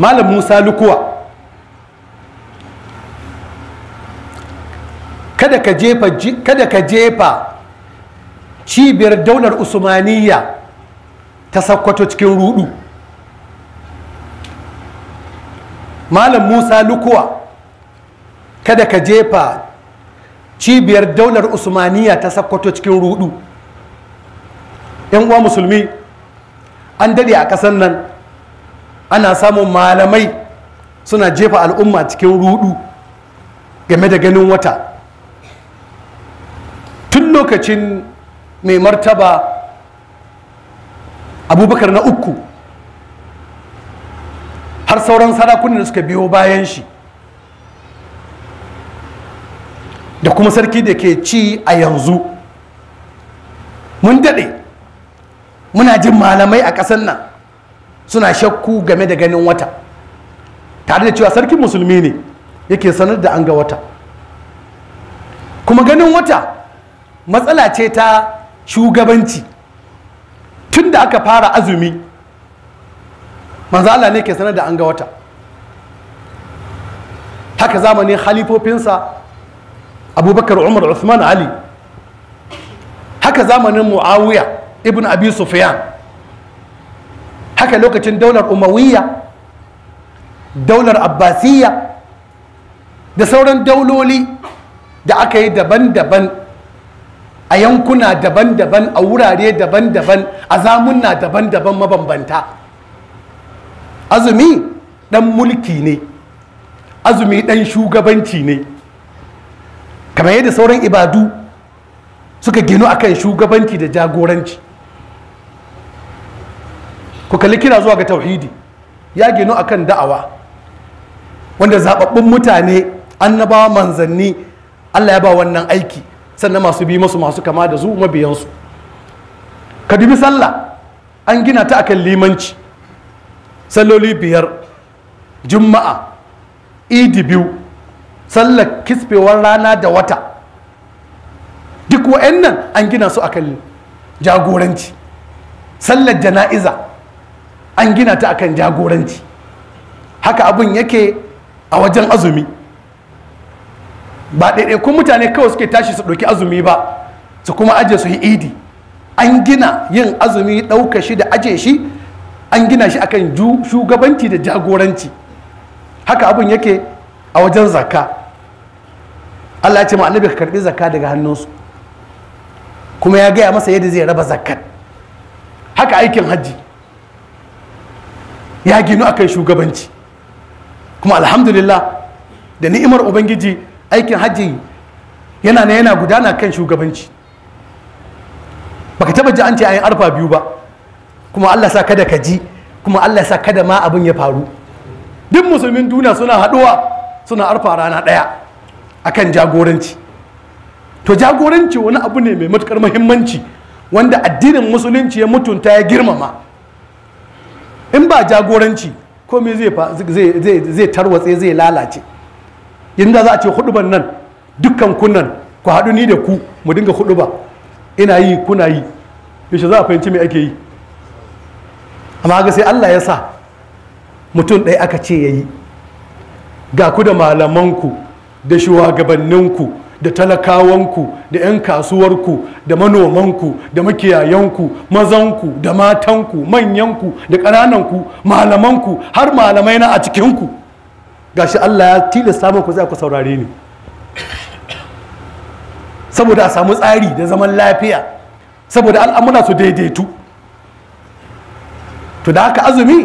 malam musa lukuwa kada ka jefa cibiyar daular usmaniya ta sakkwato cikin rudu malam musa lukuwa kada ka jefa cibiyar daular usmaniya ta sakkwato cikin rudu yan uwa musulmi an dade a kasan nan ana samun malamai suna jefa al'umma cikin rudu game da ganin wata tun lokacin mai martaba abubakar na uku har sauran sarakunan da suka biyo bayan shi da kuma sarki da ke ci a yanzu mun daɗe muna jin malamai a ƙasar nan suna shakku game da ganin wata tare da cewa sarkin musulmi ne yake sanar da an ga wata kuma ganin wata matsala ce ta shugabanci tun da aka fara azumi manzo ne ke sanar da an ga wata haka zamanin halifofinsa abubakar umar usman ali haka zamanin muawiya ibn abi sufyan haka lokacin daular umawiyya daular abbasiyya da sauran dauloli da aka yi daban-daban a yankuna daban-daban a wurare daban-daban a zamunna daban-daban mabambanta azumi dan mulki ne azumi dan shugabanci ne kamar yadda sauran ibadu suka ginu akan shugabanci da jagoranci ku kalli kira zuwa ga tauhidi ya a akan da'awa wanda zababbun mutane an annabawa manzanni Allah ya ba wannan aiki sannan masu bi masu masu kama da su mabiyansu ka dubi sallah an gina ta akan limanci salloli biyar juma'a idi biyu sallar kisbewar rana da wata duk wa'annan an gina su akan jagoranci sallar jana'iza an gina ta akan jagoranci haka abin yake a wajen azumi ba ɗaiɗaikun mutane kawai suke tashi su ɗauki azumi ba su kuma aje su yi idi an gina yin azumi ɗauka shi da aje shi an gina shi akan shugabanci da jagoranci haka abin yake a wajen zakka Allah ya ce ma annabi ka karbi zakka daga hannunsu kuma ya gaya masa yadda zai raba zakkat haka aikin hajji ya ginu akan shugabanci kuma alhamdulillah da ni'imar ubangiji aikin hajji yana na yana gudana kan shugabanci baka taba ji an ce ayin arfa biyu ba kuma Allah sa kada ka ji kuma Allah sa kada ma abin ya faru duk musulmin duniya suna haɗuwa suna arfa rana ɗaya akan jagoranci to jagoranci wani abu ne mai matukar muhimmanci wanda addinin musulunci ya mutunta ya girmama in ba jagoranci komai zai tarwatse zai lalace inda za a ce huduban nan dukkan kunnan ku haɗu ni da ku mu dinga huduba ina yi kuna yi yaushe za a fahimci mai ake yi amma ga sai Allah ya sa mutum ɗaya aka ce ya yi ga ku da malamanku da shugabanninku da talakawanku da 'yan kasuwarku da manomanku da makiyayanku mazanku da matanku manyanku da ƙanananku malamanku har malamai na a cikinku gashi Allah ya tilasta ku za ku saurare ni saboda a samu tsari da zaman lafiya saboda al'amura su daidaitu to da haka azumi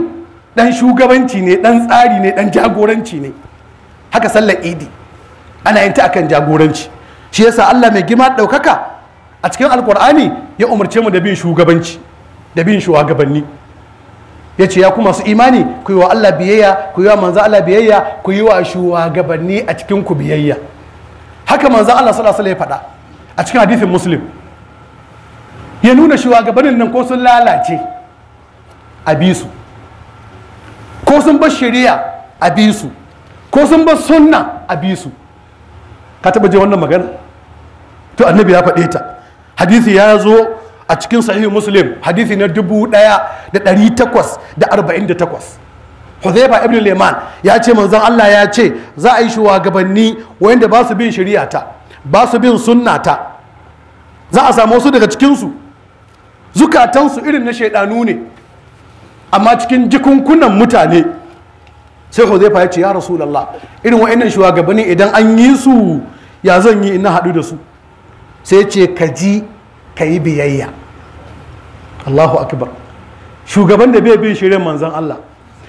dan shugabanci ne dan tsari ne dan jagoranci ne haka sallar idi ana yin ta akan jagoranci shi yasa Allah mai girma ɗaukaka a cikin alkur'ani ya umarce mu da bin shugabanci da bin shugabanni ya ce ya ku masu imani ku yi wa Allah biyayya ku yi wa manzo Allah biyayya ku yi wa shugabanni a cikin ku biyayya haka manzo Allah sallallahu alaihi ya faɗa a cikin hadisin muslim ya nuna shugabannin nan ko sun lalace a bisu ko sun bar shari'a a bisu ko sun bar sunna a bisu ka taba je wannan magana to annabi ya faɗe ta hadisi ya zo a cikin sahihu muslim hadisi na 1848 Huzaifa ibn Leman ya ce manzon Allah ya ce za a yi shugabanni wayanda ba su bin ta, ba su bin sunna ta. za a samu su daga cikinsu zukatansu irin na shaidanu ne amma cikin jikunkunan mutane sai zai ya ce ya irin wa'annan shugabanni idan an yi su ya zan yi ina haɗu da su sai ce ka ji ka yi biyayya allahu akbar shugaban da bai bin shirin manzan allah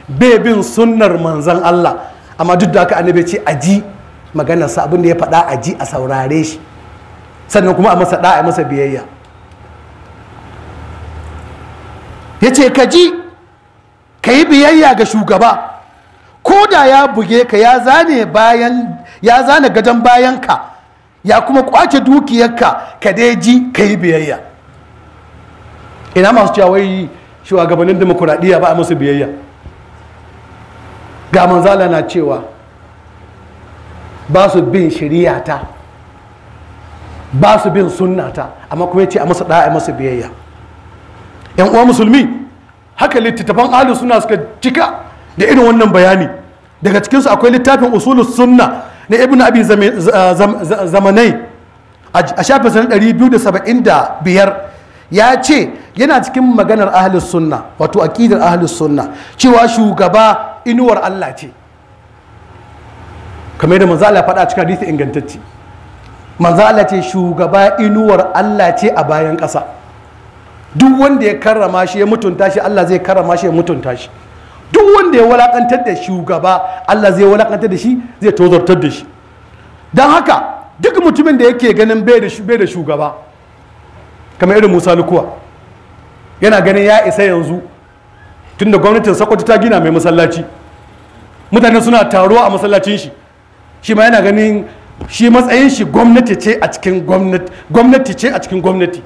bai bin sunnar manzan allah amma duk da haka annabi ce a ji maganarsa abin da ya faɗa a ji a saurare shi sannan kuma a masa ɗa'a masa biyayya ya ce ka ji ka yi biyayya ga shugaba ko da ya buge ka ya zane bayan ya zane gadon bayanka ya kuma kwace dukiyarka ka dai ji ka yi biyayya ina masu cewa wai shugabannin demokuraɗiyya ba a musu biyayya ga manzala na cewa ba su bin shiriyata ba su bin sunnata amma kuma ya ce a masa ɗaya a biyayya yan uwa musulmi haka littattafan alu suna suka cika da irin wannan bayani daga cikinsu akwai littafin usulus sunna na ibn abi zamanai a saba'in da 275 ya ce yana cikin maganar ahalus sunna wato aƙidar ahalus sunna cewa shugaba inuwar allah ce kamar da manzala faɗa cikin hadisi ingantacci. manzala ce shugaba inuwar Allah ce a bayan ƙasa duk wanda ya karrama shi ya mutunta shi Allah zai karrama shi ya mutunta shi duk wanda ya walakantar da shugaba Allah zai walakantar da shi zai tozartar da shi don haka duk mutumin da yake ganin bai da shugaba kamar irin Musa Lukuwa yana ganin ya isa yanzu tunda gwamnatin Sokoto ta gina mai masallaci mutane suna taruwa a masallacin shi shi ma yana ganin shi matsayin shi gwamnati ce a cikin gwamnati gwamnati ce a cikin gwamnati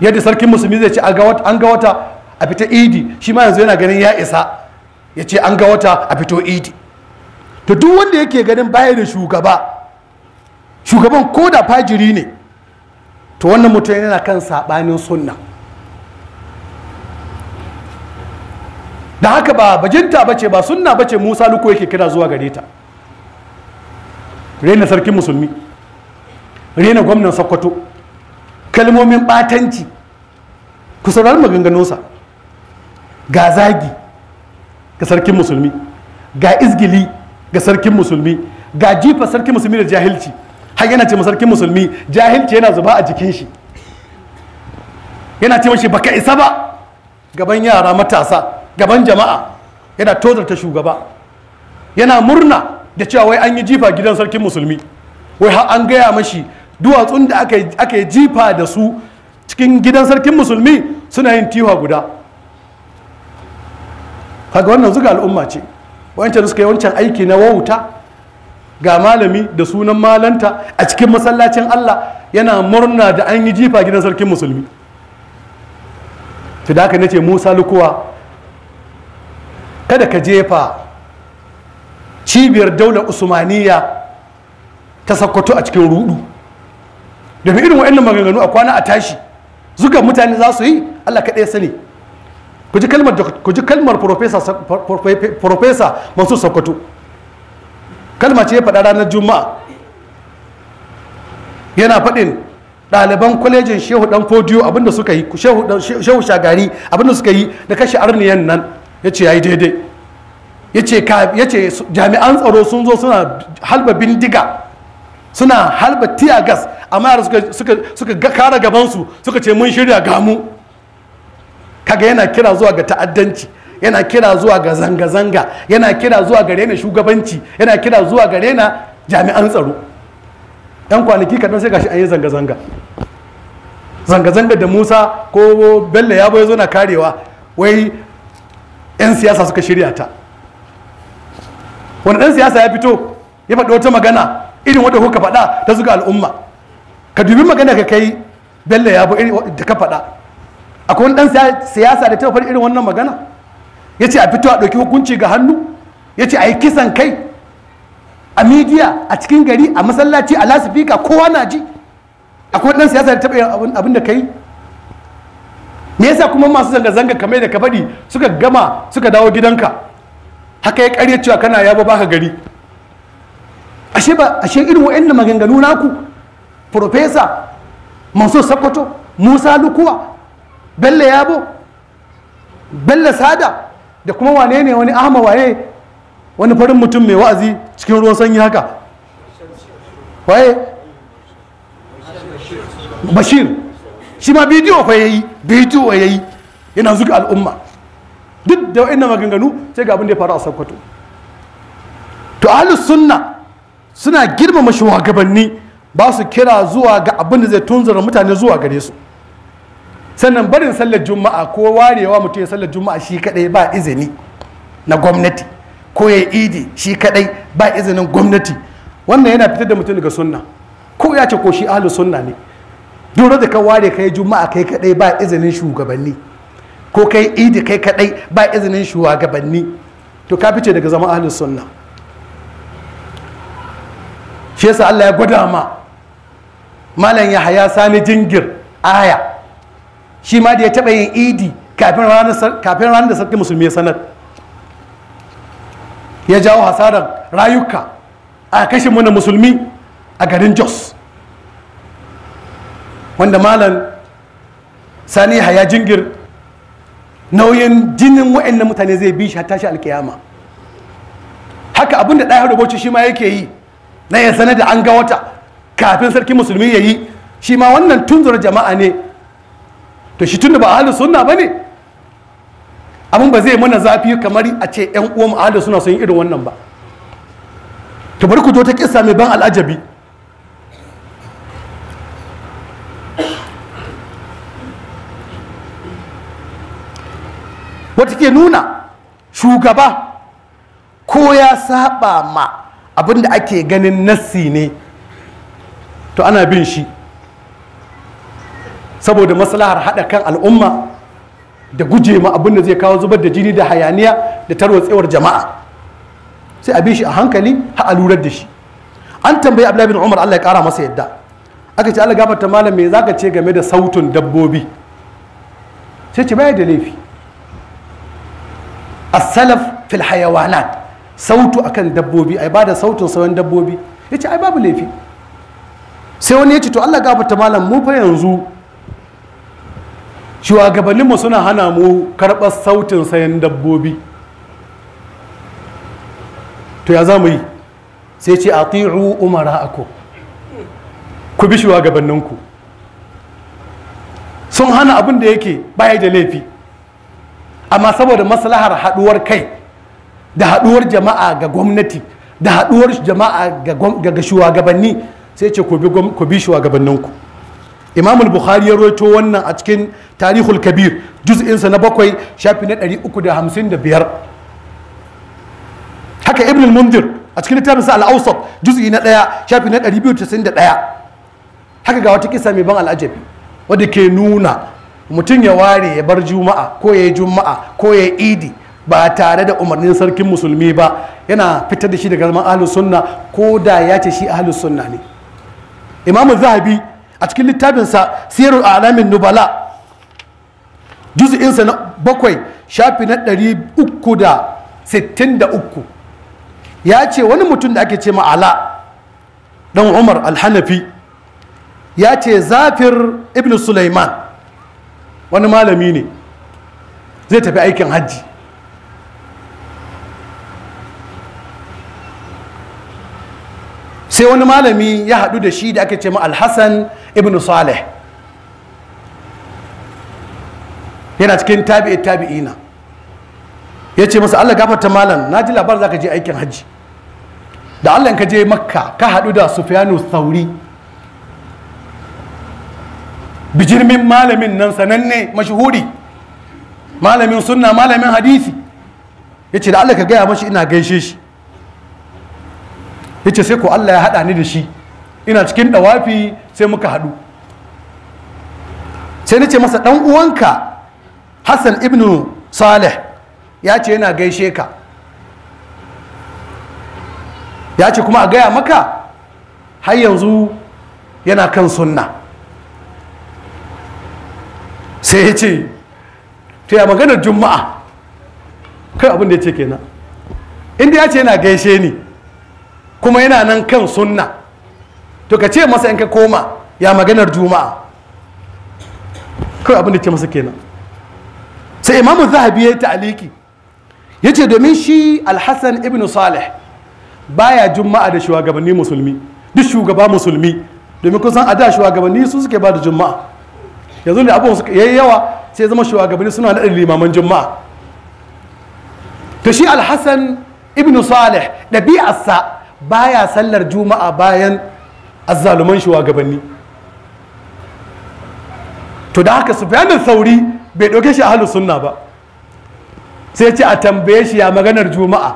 yadda sarkin musulmi zai ce an ga wata a fita idi shi ma yanzu yana ganin ya isa ya ce an ga wata a fito idi to duk wanda yake ganin baya da shugaba shugaban ko da fajiri ne to wannan mutum yana kan saɓanin sunna da haka ba bajinta ba ce ba sunna ba ce musa luko yake kira zuwa gare ta rena sarkin musulmi rena gwamnan sokoto kalmomin ɓatanci ku saurari maganganunsa ga zagi ga sarkin musulmi ga izgili ga sarkin musulmi ga jifa sarkin musulmi da jahilci har yana ce sarkin musulmi jahilci yana zuba a jikin shi yana ce mashi baka isa ba gaban yara matasa gaban jama'a yana tozarta shugaba yana murna da cewa wai an yi jifa gidan sarkin musulmi wai har an gaya mashi duwatsun da aka yi jifa da su cikin gidan sarkin musulmi suna yin tiwa guda kaga wannan zuga al'umma ce wancan suka yi wancan aiki na wauta ga malami da sunan malanta a cikin masallacin Allah yana murna da an yi jifa gidan sarkin musulmi to da nace Musa lukuwa kada ka jefa cibiyar daular usmaniya ta sakkwato a cikin rudu domin irin wa'annan maganganu a kwana a tashi zuga mutane za su yi Allah kaɗai sani ku ji kalmar ku ji kalmar professor masu sokoto kalma ce ya faɗa ranar juma'a yana faɗin ɗaliban kwalejin shehu dan fodiyo abinda suka yi shehu shagari abinda suka yi da kashe arniyan nan yace yayi ya yi daidai yace jami'an tsaro sun zo suna halba bindiga suna halba gas amma yara suka kara gabansu suka ce mun shirya gamu kaga yana kira zuwa ga ta'addanci yana kira zuwa ga zanga-zanga yana kira zuwa ga rena shugabanci yana kira zuwa ga rena jami'an tsaro yan kwanaki kaɗan sai gashi an yi zanga-zanga zanga-zanga da musa ko bello ya zo na karewa wai 'yan siyasa suka shirya ta wani ɗan siyasa ya fito ya faɗi wata magana irin wadda kuka faɗa ta zuga al'umma ka dubi magana ka kai bello ya da ka faɗa akwai wani dan siyasa da ta fara irin wannan magana ya ce a fito a ɗauki hukunci ga hannu ya ce a yi kisan kai a midiya a cikin gari a masallaci a lasifika kowa na ji akwai dan siyasa da ta faɗi abin da ka yi me yasa kuma masu zanga-zanga kamar da ka faɗi suka gama suka dawo gidanka haka ya karya cewa kana yabo baka gari ashe ba ashe irin da maganganu naku profesa masu sakkwato musa lukuwa bello yabo bello sada da kuma wane ne wani ahma waye wani farin mutum mai wa'azi cikin ruwan sanyi haka waye bashir shi ma bidiyo ya yayi bidiyo yayi yana zuga al'umma duk da wa'annan maganganu sai ga abin da ya faru a sokoto to ahlus sunna suna girmama shugabanni ba su kira zuwa ga abin da zai tunzura mutane zuwa gare su sannan barin sallar juma'a ko warewa mutum ya sallar juma'a shi kadai ba izini na gwamnati ko ya idi shi kadai ba izinin gwamnati wannan yana fitar da mutum daga sunna ko ya ce ko shi ahlu sunna ne dole da ka ware kai juma'a kai kadai ba izinin shugabanni ko kai idi kai kadai ba izinin shugabanni to ka fice daga zama ahlu sunna shi yasa Allah ya gwada ma malam Yahaya sani jingir aya shi ma da ya taɓa yin idi kafin ranar da sarki musulmi ya sanar ya jawo hasarar rayuka a kashe muna musulmi a garin jos wanda malam sani haya jingir nauyin jinin na mutane zai bi shi har shi alkiyama haka abin da ɗaya rubuci shi ma yake yi na ya sanar da an ga wata kafin sarki musulmi ya yi shi ma wannan tunzura jama'a ne to shi tunda ba ahlus sunna bane abin ba zai mana zafi kamar a ce yan uwan ahlus suna sun yi irin wannan ba to bari ku zo ta kissa mai ban al'ajabi wata ke nuna shugaba ko ya saba ma abin da ake ganin nassi ne to ana bin shi saboda maslahar haɗa kan al'umma da guje ma abin da zai kawo zubar da jini da hayaniya da tarwatsewar jama'a sai a bi shi a hankali har a lurar da shi an tambayi abdullahi bin umar allah ya kara masa yadda aka ce allah gafarta malam me zaka ce game da sautin dabbobi sai ce baya da laifi A salaf fil hayawanat sautu akan dabbobi ai bada sautin sauran dabbobi Ya ce ai babu laifi sai wani ya ce to allah gafarta malam mu fa yanzu shugabanninmu suna hana mu karɓar sautin sayan dabbobi to ya za mu yi sai ce a umara ako ku bi shugabanninku sun hana abin da yake baya da laifi amma saboda maslahar haɗuwar kai da haɗuwar jama'a ga gwamnati da haɗuwar jama'a ga shugabanni sai ce ku bi shugabanninku Imamul bukhari ya roito wannan a cikin tarihul kabir juz'insa na bakwai shafi na 355 haka ibn mundir a cikin littafinsa al-awsat juz'i na ɗaya shafi na 291 haka ga wata kisa mai ban al'ajabi wadda ke nuna mutum ya ware ya bar juma'a ko ya yi juma'a ko ya yi idi ba tare da umarnin sarkin musulmi ba yana fitar da shi daga zaman ahlus sunna ko da ya ce shi ahlus sunna ne imam zahabi a cikin littafinsa siyar alamin nubala juzu'insa na bakwai shafi na ɗari da sittin uku, ya ce wani mutum da ake ce ma'ala ɗan umar alhanafi ya ce zafir ibn sulaiman wani malami ne zai tafi aikin hajji sai wani malami ya haɗu da shi da ake ce ma alhassan ibn saleh yana cikin tabi'i tabi'ina ya ce masa allah gafarta malam na ji labar za ka je aikin hajji da allah ka je makka ka haɗu da sufiyanu sauri bijirmin malamin nan sananne mashuhuri malamin sunna malamin hadisi ya ce da allah ka gaya mashi ina gaishe shi yace sai ko Allah ya hada ni da shi ina cikin dawafi sai muka hadu sai nace masa dan uwanka Hassan ibnu Saleh ya ce yana gaishe ka ya ce kuma a gaya maka har yanzu yana kan sunna sai ya ce ta ya maganar juma'a kai abin da ya ce kenan inda ya ce yana gaishe ni kuma yana nan kan sunna to ka ce masa in ka koma ya maganar juma'a kawai abin da ce masa kenan sai imamu zahabi ya yi ta'aliki ya ce domin shi alhassan ibn salih baya juma'a da shugabanni musulmi duk shugaba musulmi domin kun san a da shugabanni su suke ba da juma'a yanzu da abin suka yayi yawa sai zama shugabanni suna da limaman juma'a to shi alhassan ibn salih ɗabi'arsa baya sallar juma'a bayan azzaluman shugabanni to da haka sufyanin sauri bai ɗauke shi halin sunna ba sai ce a tambaye shi ya maganar juma'a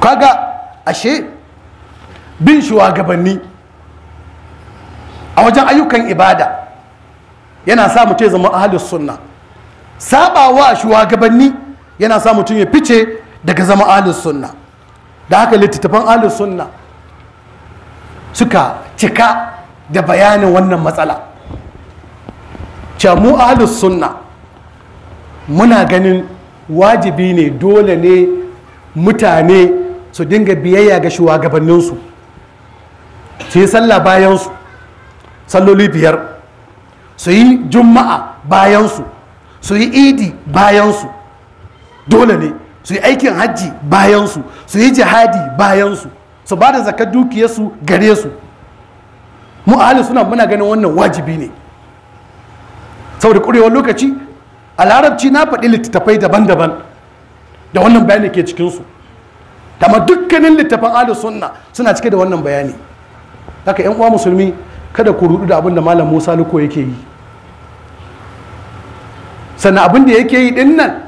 kaga ashe bin shugabanni a wajen ayyukan ibada yana sa mutum ya zama halin sunna sabawa shugabanni yana sa mutum ya fice daga zama alin sunna da haka littattafan alin sunna suka cika da bayanin wannan matsala cewa mu ahlus sunna muna ganin wajibi ne dole ne mutane su dinga biyayya ga shugabanninsu su yi sallah bayansu salloli biyar su yi juma'a bayansu su yi idi bayansu dole ne su yi aikin hajji bayansu su yi jihadi bayansu su ba da zakar dukiyarsu gare su mu ahli suna muna ganin wannan wajibi ne saboda kurewar lokaci a larabci na faɗi littattafai daban-daban da wannan bayani ke cikinsu amma dukkanin littattafan ahli sunna suna cike da wannan bayani haka yan uwa musulmi kada ku rudu da abin da malam musa luko yake yi sannan abin da yake yi din nan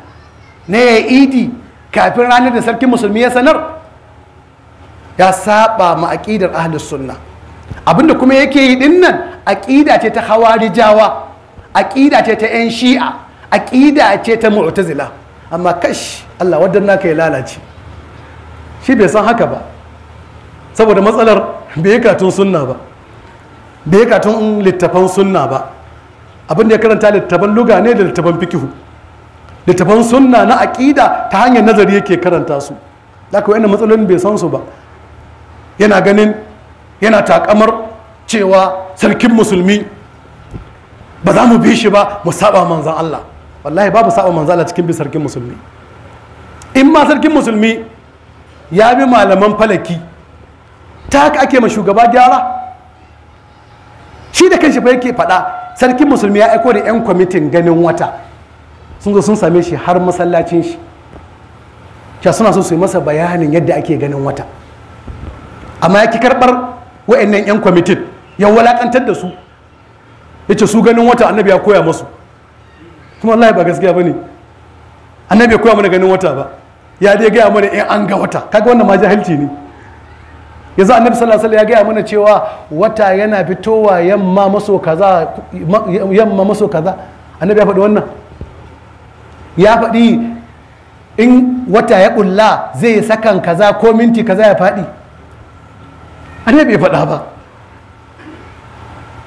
na ya idi kafin ranar da sarkin musulmi ya sanar ya saba ma aƙidar ahlus sunna abinda kuma yake yi din nan aƙida ce ta hawarijawa aƙida ce ta 'yan shi'a aƙida ce ta mu'tazila amma kash Allah wadan naka ya lalace shi bai san haka ba saboda matsalar bai katun sunna ba bai katun littafan sunna ba abinda ya karanta littafan luga ne da littafan fikihu littafan sunna na aƙida ta hanyar nazari yake karanta su aka wa'annan matsalolin bai san su ba yana ganin yana takamar cewa sarkin musulmi ba za mu bi shi ba mu saba manzan Allah wallahi babu saba manzan Allah cikin bi sarkin musulmi in ma sarkin musulmi ya bi malaman falaki ta haka ake ma shugaba gyara shi da kanshi fa yake faɗa sarkin musulmi ya aiko da 'yan kwamitin ganin wata sun zo sun same shi har masallacin shi cewa suna so su yi masa bayanin yadda ake ganin wata amma ya ki karɓar wa'annan 'yan kwamitin ya walakantar da su ya ce su ganin wata annabi ya koya masu kuma Allah ba gaskiya ba ne annabi ya koya mana ganin wata ba ya dai gaya mana in an ga wata kaga wannan ma jahilci ne yanzu annabi sallallahu alaihi ya gaya mana cewa wata yana fitowa yamma maso kaza yamma maso kaza annabi ya faɗi wannan ya faɗi in wata ya ƙulla zai sakan kaza ko minti kaza ya faɗi annabi bai faɗa ba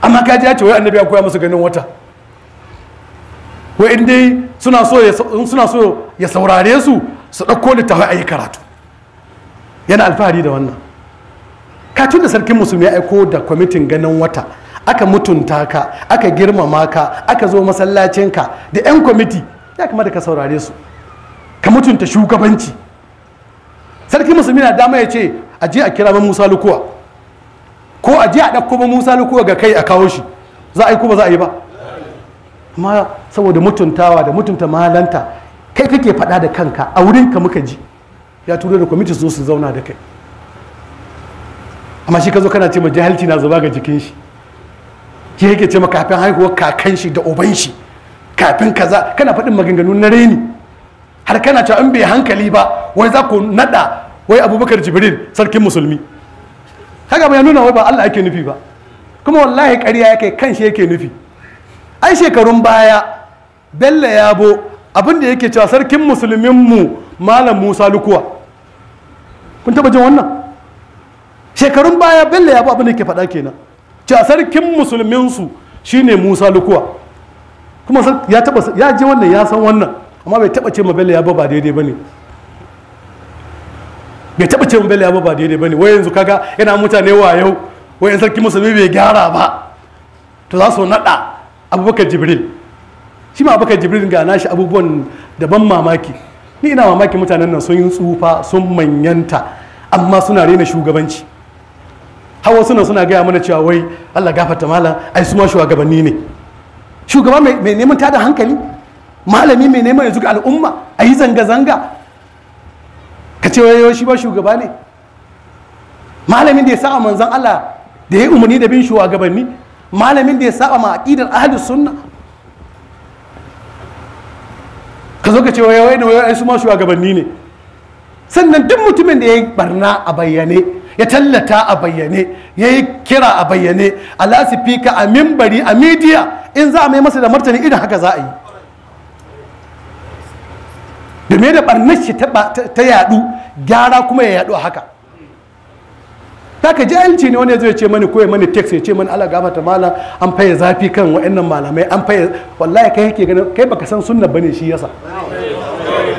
amma kaji ya ce wai annabi ya koya musu ganin wata wai in dai suna so ya saurare su su ɗauko littafi a yi karatu yana alfahari da wannan katun da sarkin musulmi ya aiko da kwamitin ganin wata aka mutunta ka aka girmama ka aka zo masallacinka da 'yan kwamiti ya kamata ka saurare su ka mutunta shugabanci sarki musulmi na dama ya ce a je a kira ba musa lukuwa ko a je a ɗauko ba musa lukuwa ga kai a kawo shi za a yi kuma za a yi ba amma saboda mutuntawa da mutunta malanta kai kake faɗa da kanka a wurin ka muka ji ya turo da kwamiti su su zauna da kai amma shi ka zo kana ce ma jahilci na zuba ga jikin shi shi yake ce maka kafin haihuwar kakan shi da uban shi kafin kaza kana faɗin maganganu na reni har kana cewa in bai hankali ba wai za ku nada wai abubakar jibril sarkin musulmi kaga bai nuna wai ba Allah yake nufi ba kuma wallahi ƙarya yake kan shi yake nufi ai shekarun baya bello yabo abin da yake cewa sarkin musulmin mu malam musa lukuwa kun taba jin wannan shekarun baya bello yabo abin da yake faɗa kenan cewa sarkin musulmin su shine musa lukuwa kuma ya taba ya je wannan ya san wannan amma bai taba ce ma bello ya ba ba daidai bane bai taba ce ma bello ya ba ba daidai bane wai yanzu kaga yana mutane wa yau wai yan sarki musulmi bai gyara ba to za su nada abubakar jibril shi ma abubakar jibril ga nashi abubuwan da ban mamaki ni ina mamaki mutanen nan sun yi tsufa sun manyanta amma suna rena shugabanci hawa suna suna gaya mana cewa wai allah gafata malam ai su ma shugabanni ne shugaba mai neman tada hankali malami mai neman yanzu ga al'umma a yi zanga-zanga ka ce wayo shi ba shugaba ne malamin da ya saba manzan Allah da ya umarni da bin shugabanni malamin da ya saba ma aƙidar ahadu sunna ka zo ka ce wayo wayo wayo ai su ma shugabanni ne sannan duk mutumin da ya yi barna a bayyane ya tallata a bayyane ya yi kira a bayyane a lasifika a mimbari a midiya in za a mai masa da martani idan haka za a yi domin da barnar shi ta yadu gyara kuma ya yadu a haka ta ka ji yanci ne wani zai ce mani koya ya mani teks ya ce mani ala gama ta mala an faye zafi kan wa'annan malamai an faye wallahi kai yake ganin kai baka san sunna bane shi yasa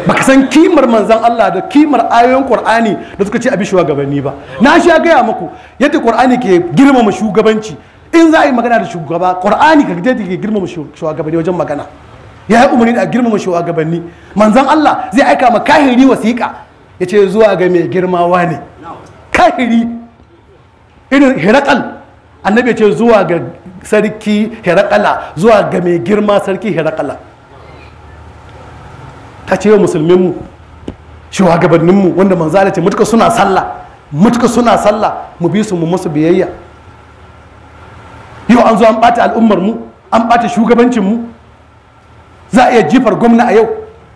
baka san kimar manzan Allah da kimar ayoyin Qur'ani da suka ce abi shugabanni ba na shi ya gaya muku yadda Qur'ani ke girmama shugabanci in za a yi magana da shugaba Qur'ani ka yadda ke girmama shugabanni wajen magana ya yi umarni da girmama shugabanni manzan Allah zai aika ma kahiri wasiƙa yace ce zuwa ga mai girmawa ne kahiri irin hirakal annabi ya ce zuwa ga sarki hirakala zuwa ga mai girma sarki hirakala ta ce wa musulminmu shugabanninmu wanda manzo Allah ce mutuka suna sallah mutuka suna sallah mu bi su mu musu biyayya yau an zo an ɓata al'ummar mu an ɓata shugabancin mu za a iya jifar gwamna a yau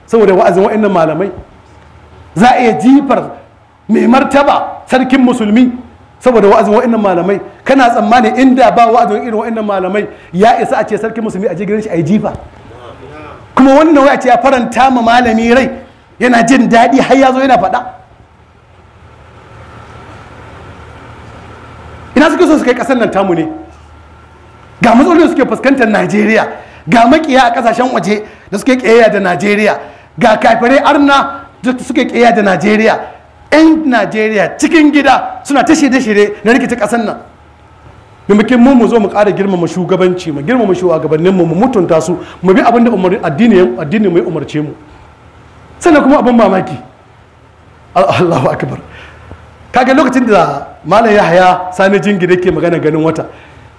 saboda wa'azin wa'annan malamai za a iya jifar mai martaba sarkin musulmi saboda wa'azin wa'annan malamai kana tsammani inda ba wa'azin irin wa'annan malamai ya isa a ce sarkin musulmi a je gidan shi a yi jifa kuma wannan waya ce ya faranta ma malami rai yana jin daɗi har ya zo yana faɗa ina suke so su kai ƙasar nan tamu ne ga matsalolin suke fuskantar najeriya ga makiya a ƙasashen waje da suke ƙiyayya da najeriya ga kafirai arna da suke ƙiyayya da najeriya 'yan najeriya cikin gida suna ta shirye-shirye na rikici ƙasar nan maimakon mu mu zo mu ƙara girmama shugabanci mu girmama shugabannin mu mu mutunta su mu bi abin da addini addini mai umarce mu sannan kuma abin mamaki Allahu akbar kaga lokacin da malam Yahaya Sani Jingire ke magana ganin wata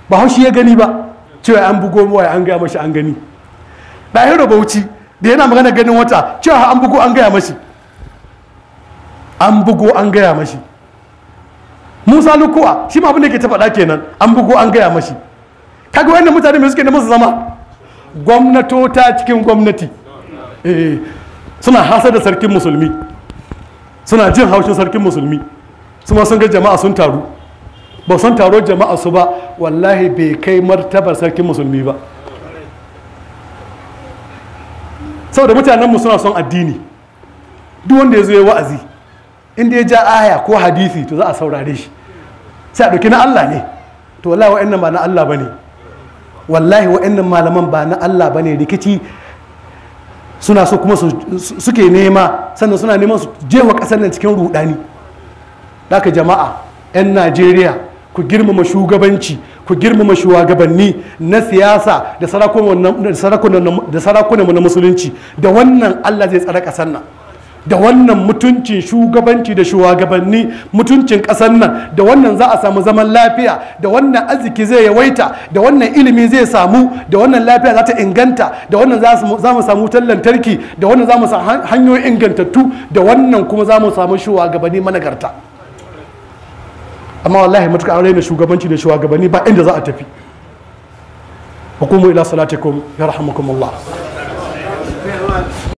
ba haushi ya gani ba cewa an bugo mu an gaya mashi an gani ɗahiro Bauchi da yana magana ganin wata cewa an bugo an gaya mashi an bugo an gaya mashi musa lukuwa shi ma abin da ke ta faɗa kenan an bugu an gaya mashi kaga wannan mutane mai suke da masu zama ta cikin gwamnati eh, suna hasa da sarkin musulmi suna jin haushin sarkin musulmi suma sun ga jama'a sun taru ba san taron jama'a su ba wallahi bai kai martabar sarkin musulmi ba saboda mutanenmu suna son addini duk wanda ya zo ya wa'azi inda ya ja aya ko hadisi to za a saurare shi sai a ɗauki na Allah ne to wallahi wa'annan ba na Allah ba ne wallahi wa'annan malaman ba na Allah ba rikici suna so kuma suke nema sannan suna neman su wa ƙasar nan cikin rudani daka jama'a 'yan najeriya ku girmama shugabanci ku girmama shugabanni na siyasa da sarakunan na musulunci da wannan allah zai tsara ƙasar nan da wannan mutuncin shugabanci da shugabanni mutuncin ƙasar nan da wannan za a samu zaman lafiya da wannan arziki zai yawaita da wannan ilimi zai samu da wannan lafiya za ta inganta da wannan za mu samu wutar lantarki da wannan za mu samu hanyoyin ingantattu da wannan kuma za mu samu shugabanni managarta amma wallahi matuƙa aure na shugabanci da shugabanni ba inda za a tafi hukumu ila salatikum yarhamukumullah